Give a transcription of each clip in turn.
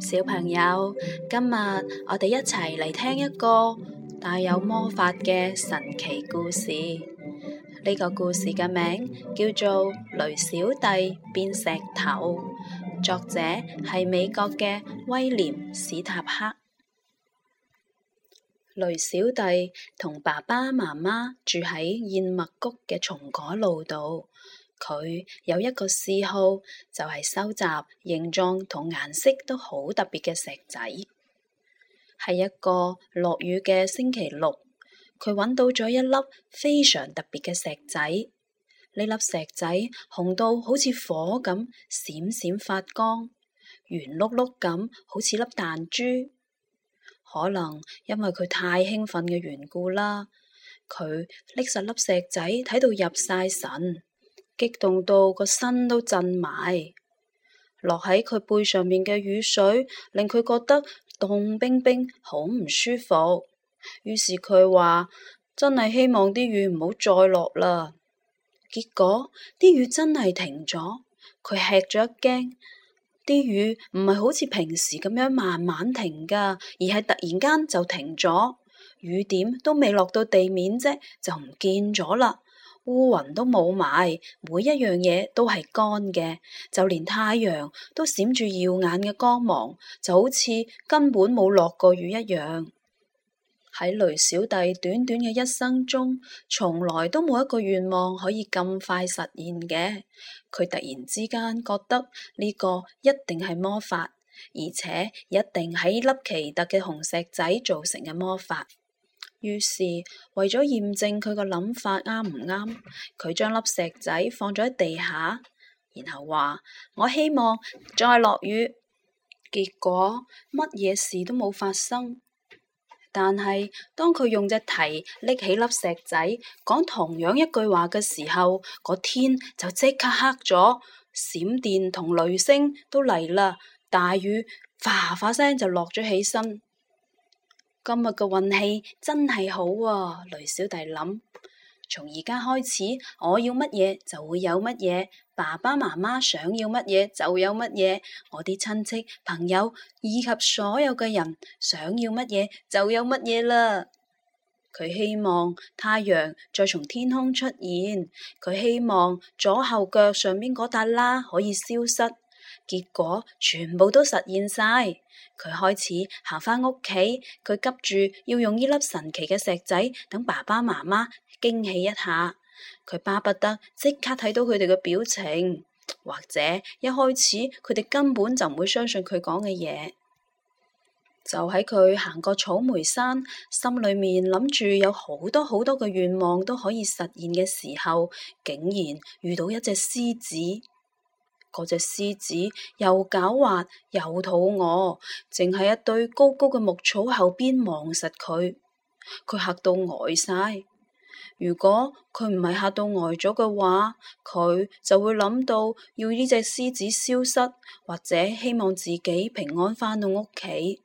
小朋友，今日我哋一齊嚟聽一個帶有魔法嘅神奇故事。呢、這個故事嘅名叫做《驢小弟變石頭》，作者係美國嘅威廉史塔克。驢小弟同爸爸媽媽住喺燕麥谷嘅松果路度。佢有一個嗜好，就係收集形狀同顏色都好特別嘅石仔。係一個落雨嘅星期六，佢揾到咗一粒非常特別嘅石仔。呢粒石仔紅到好似火咁，閃閃發光，圓碌碌咁，好似粒彈珠。可能因為佢太興奮嘅緣故啦，佢拎實粒石仔睇到入晒神。激動到個身都震埋，落喺佢背上邊嘅雨水令佢覺得凍冰冰，好唔舒服。於是佢話：真係希望啲雨唔好再落啦。結果啲雨真係停咗，佢吃咗一驚。啲雨唔係好似平時咁樣慢慢停噶，而係突然間就停咗，雨點都未落到地面啫，就唔見咗啦。烏雲都冇埋，每一樣嘢都係乾嘅，就連太陽都閃住耀眼嘅光芒，就好似根本冇落過雨一樣。喺驢小弟短短嘅一生中，從來都冇一個願望可以咁快實現嘅。佢突然之間覺得呢個一定係魔法，而且一定係粒奇特嘅紅石仔造成嘅魔法。於是為咗驗證佢個諗法啱唔啱，佢將粒石仔放咗喺地下，然後話：我希望再落雨。結果乜嘢事都冇發生。但係當佢用隻蹄拎起粒石仔，講同樣一句話嘅時候，個天就即刻黑咗，閃電同雷聲都嚟啦，大雨嘩嘩聲就落咗起身。今日嘅運氣真係好喎！啊，驢小弟諗，從而家開始我要乜嘢就會有乜嘢，爸爸媽媽想要乜嘢就有乜嘢，我啲親戚朋友以及所有嘅人想要乜嘢就有乜嘢啦。佢希望太陽再從天空出現，佢希望左後腳上面嗰笪啦可以消失。結果全部都實現晒。佢開始行返屋企，佢急住要用呢粒神奇嘅石仔，等爸爸媽媽驚喜一下。佢巴不得即刻睇到佢哋嘅表情，或者一開始佢哋根本就唔會相信佢講嘅嘢。就喺佢行過草莓山，心裏面諗住有好多好多嘅願望都可以實現嘅時候，竟然遇到一隻獅子。嗰隻獅子又狡猾又肚餓，淨係一堆高高嘅木草後邊望實佢，佢吓到呆晒。如果佢唔係吓到呆咗嘅話，佢就會諗到要呢隻獅子消失，或者希望自己平安返到屋企。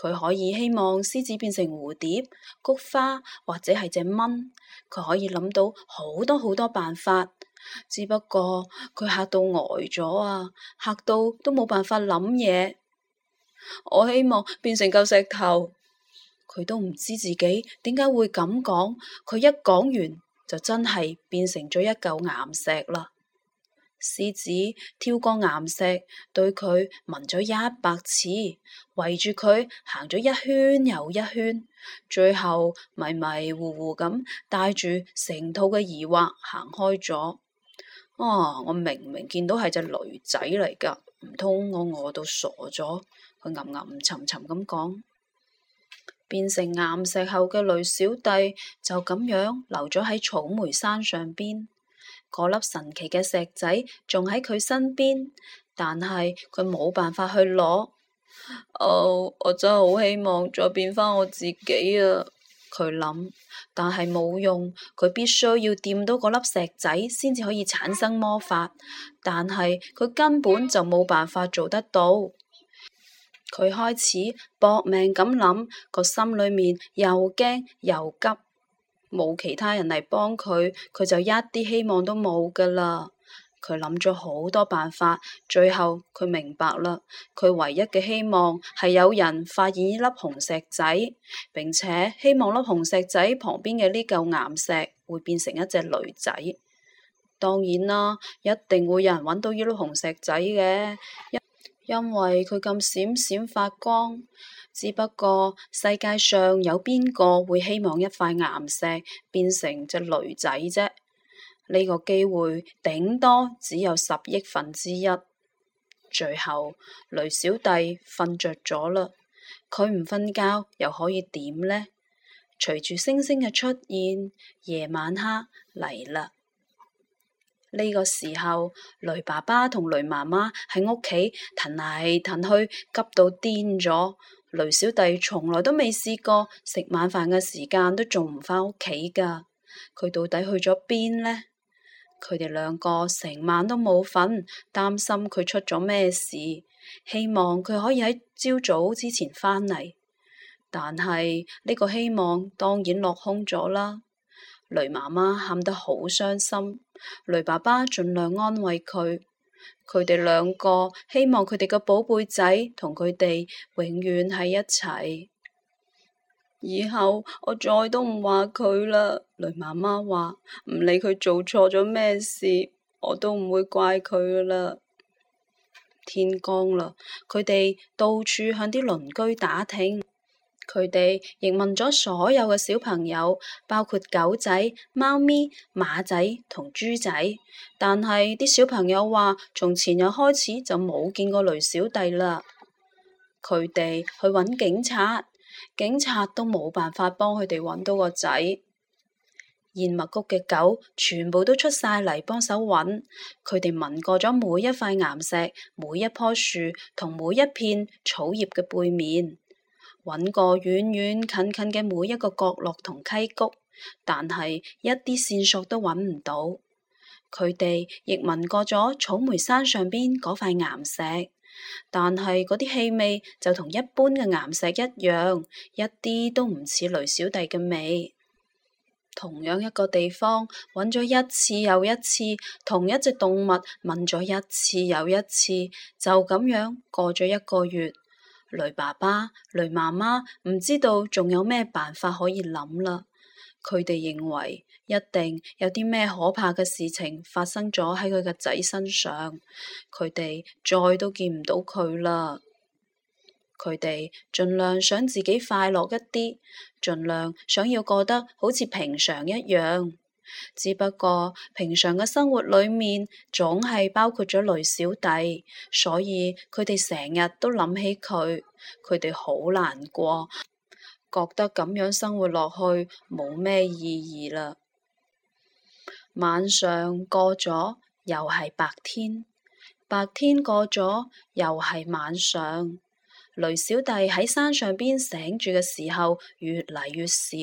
佢可以希望獅子變成蝴蝶、菊花，或者係隻蚊。佢可以諗到好多好多辦法。只不過佢嚇到呆咗啊，嚇到都冇辦法諗嘢。我希望變成嚿石頭，佢都唔知自己點解會咁講。佢一講完就真係變成咗一嚿岩石啦。獅子跳過岩石，對佢聞咗一百次，圍住佢行咗一圈又一圈，最後迷迷糊糊咁帶住成套嘅疑惑行開咗。哦、啊，我明明見到係隻驢仔嚟噶，唔通我餓到傻咗？佢吟吟沉沉咁講。變成岩石後嘅驢小弟就咁樣留咗喺草莓山上邊，嗰粒神奇嘅石仔仲喺佢身邊，但係佢冇辦法去攞。哦，我真係好希望再變返我自己啊！佢諗，但係冇用。佢必須要掂到嗰粒石仔，先至可以產生魔法。但係佢根本就冇辦法做得到。佢開始搏命咁諗，個心裏面又驚又急，冇其他人嚟幫佢，佢就一啲希望都冇噶啦。佢諗咗好多辦法，最後佢明白啦。佢唯一嘅希望係有人發現呢粒紅石仔，並且希望粒紅石仔旁邊嘅呢嚿岩石會變成一隻驢仔。當然啦，一定會有人揾到呢粒紅石仔嘅，因因為佢咁閃閃發光。只不過世界上有邊個會希望一塊岩石變成隻驢仔啫？呢個機會頂多只有十億分之一。最後，驢小弟瞓着咗嘞，佢唔瞓覺又可以點呢？隨住星星嘅出現，夜晚黑嚟啦。呢個時候，驢爸爸同驢媽媽喺屋企騰嚟騰去，急到癲咗。驢小弟從來都未試過食晚飯嘅時間都仲唔返屋企噶。佢到底去咗邊呢？佢哋兩個成晚都冇瞓，擔心佢出咗咩事，希望佢可以喺朝早之前返嚟。但係呢個希望當然落空咗啦。雷媽媽喊得好傷心，雷爸爸盡量安慰佢。佢哋兩個希望佢哋嘅寶貝仔同佢哋永遠喺一齊。以後我再都唔話佢啦。驢媽媽話，唔理佢做錯咗咩事，我都唔會怪佢噶啦。天光啦，佢哋到處向啲鄰居打聽，佢哋亦問咗所有嘅小朋友，包括狗仔、貓咪、馬仔同豬仔。但係啲小朋友話，從前日開始就冇見過驢小弟啦。佢哋去揾警察。警察都冇辦法幫佢哋揾到個仔，燕麥谷嘅狗全部都出晒嚟幫手揾，佢哋聞過咗每一塊岩石、每一棵樹同每一片草葉嘅背面，揾過遠遠近近嘅每一個角落同溪谷，但係一啲線索都揾唔到，佢哋亦聞過咗草莓山上邊嗰塊岩石。但係嗰啲氣味就同一般嘅岩石一樣，一啲都唔似驢小弟嘅味。同樣一個地方，揾咗一次又一次，同一隻動物問咗一次又一次，就咁樣過咗一個月。驢爸爸、驢媽媽唔知道仲有咩辦法可以諗啦。佢哋認為一定有啲咩可怕嘅事情發生咗喺佢嘅仔身上，佢哋再都見唔到佢啦。佢哋盡量想自己快樂一啲，盡量想要過得好似平常一樣。只不過平常嘅生活裏面總係包括咗驢小弟，所以佢哋成日都諗起佢，佢哋好難過。覺得咁樣生活落去冇咩意義啦。晚上過咗又係白天，白天過咗又係晚上。驢小弟喺山上邊醒住嘅時候越嚟越少，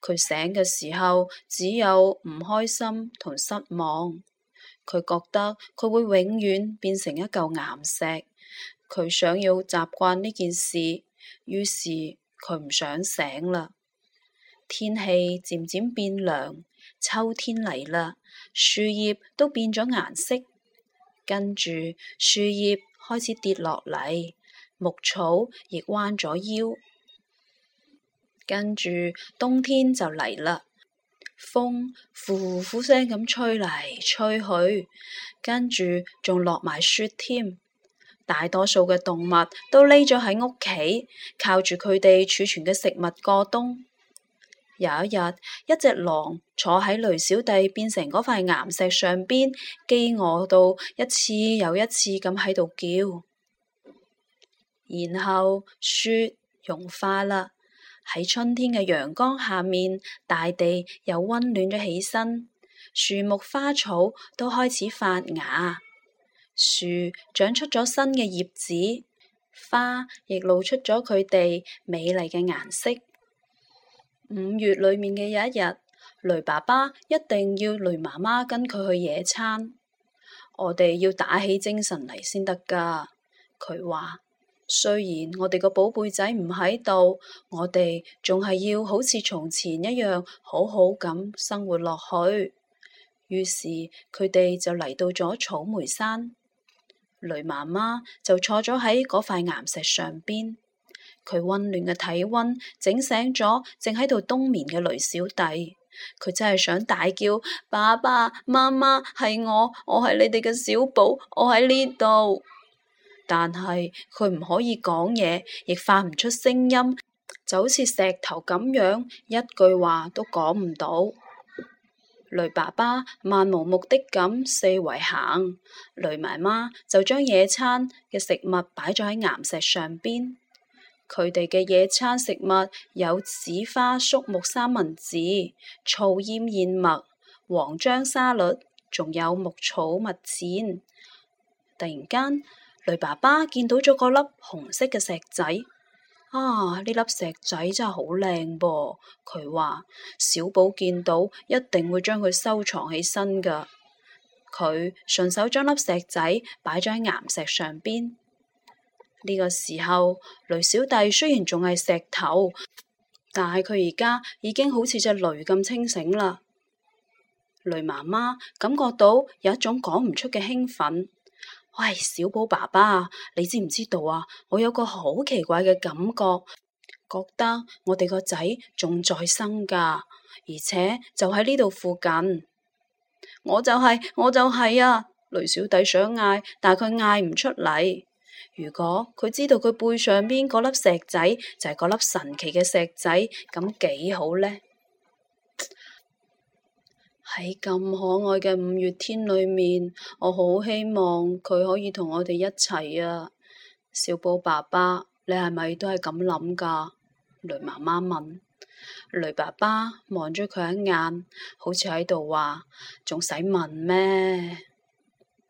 佢醒嘅時候只有唔開心同失望。佢覺得佢會永遠變成一嚿岩石，佢想要習慣呢件事，於是。佢唔想醒啦。天氣漸漸變涼，秋天嚟啦，樹葉都變咗顏色，跟住樹葉開始跌落嚟，木草亦彎咗腰，跟住冬天就嚟啦，風呼呼聲咁吹嚟吹去，跟住仲落埋雪添。大多數嘅動物都匿咗喺屋企，靠住佢哋儲存嘅食物過冬。有一日，一隻狼坐喺驢小弟變成嗰塊岩石上邊，飢餓到一次又一次咁喺度叫。然後雪融化啦，喺春天嘅陽光下面，大地又溫暖咗起身，樹木花草都開始發芽。樹長出咗新嘅葉子，花亦露出咗佢哋美麗嘅顏色。五月裏面嘅有一日，雷爸爸一定要雷媽媽跟佢去野餐。我哋要打起精神嚟，先得㗎。佢話，雖然我哋個寶貝仔唔喺度，我哋仲係要好似從前一樣好好咁生活落去。於是佢哋就嚟到咗草莓山。雷驢媽媽就坐咗喺嗰塊岩石上邊，佢溫暖嘅體溫整醒咗正喺度冬眠嘅驢小弟，佢真係想大叫，爸爸媽媽係我，我係你哋嘅小寶，我喺呢度，但係佢唔可以講嘢，亦發唔出聲音，就好似石頭咁樣，一句話都講唔到。雷爸爸漫無目的咁四圍行，雷媽媽就將野餐嘅食物擺咗喺岩石上邊。佢哋嘅野餐食物有紫花粟木三文治、醋醃燕麥、黃漿沙律，仲有木草蜜餞。突然間，雷爸爸見到咗個粒紅色嘅石仔。啊！呢粒石仔真係好靚噃，佢話小寶見到一定會將佢收藏起身噶。佢順手將粒石仔擺咗喺岩石上邊。呢、這個時候，驢小弟雖然仲係石頭，但係佢而家已經好似隻驢咁清醒啦。驢媽媽感覺到有一種講唔出嘅興奮。喂，小寶爸爸，你知唔知道啊？我有個好奇怪嘅感覺，覺得我哋個仔仲在生噶，而且就喺呢度附近。我就係、是、我就係啊！驢小弟想嗌，但係佢嗌唔出嚟。如果佢知道佢背上邊嗰粒石仔就係、是、嗰粒神奇嘅石仔，咁幾好呢。」喺咁可愛嘅五月天裏面，我好希望佢可以同我哋一齊啊！小寶爸爸，你係咪都係咁諗噶？驢媽媽問。驢爸爸望咗佢一眼，好似喺度話：仲使問咩？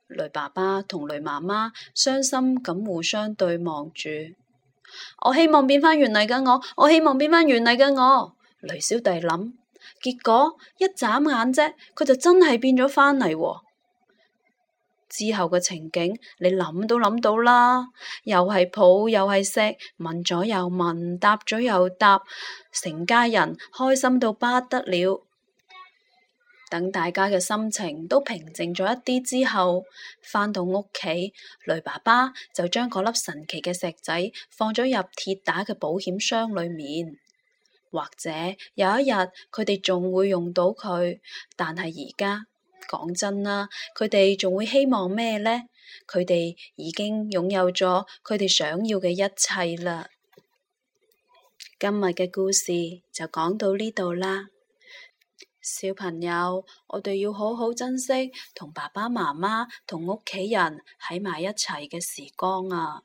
驢爸爸同驢媽媽傷心咁互相對望住。我希望變返原嚟嘅我，我希望變返原嚟嘅我。驢小弟諗。結果一眨眼啫，佢就真係變咗返嚟。之後嘅情景，你諗都諗到啦，又係抱又係錫，問咗又問，答咗又答，成家人開心到不得了。等大家嘅心情都平靜咗一啲之後，返到屋企，雷爸爸就將嗰粒神奇嘅石仔放咗入鐵打嘅保險箱裏面。或者有一日佢哋仲會用到佢，但係而家講真啦，佢哋仲會希望咩呢？佢哋已經擁有咗佢哋想要嘅一切啦。今日嘅故事就講到呢度啦，小朋友，我哋要好好珍惜同爸爸媽媽、同屋企人喺埋一齊嘅時光啊！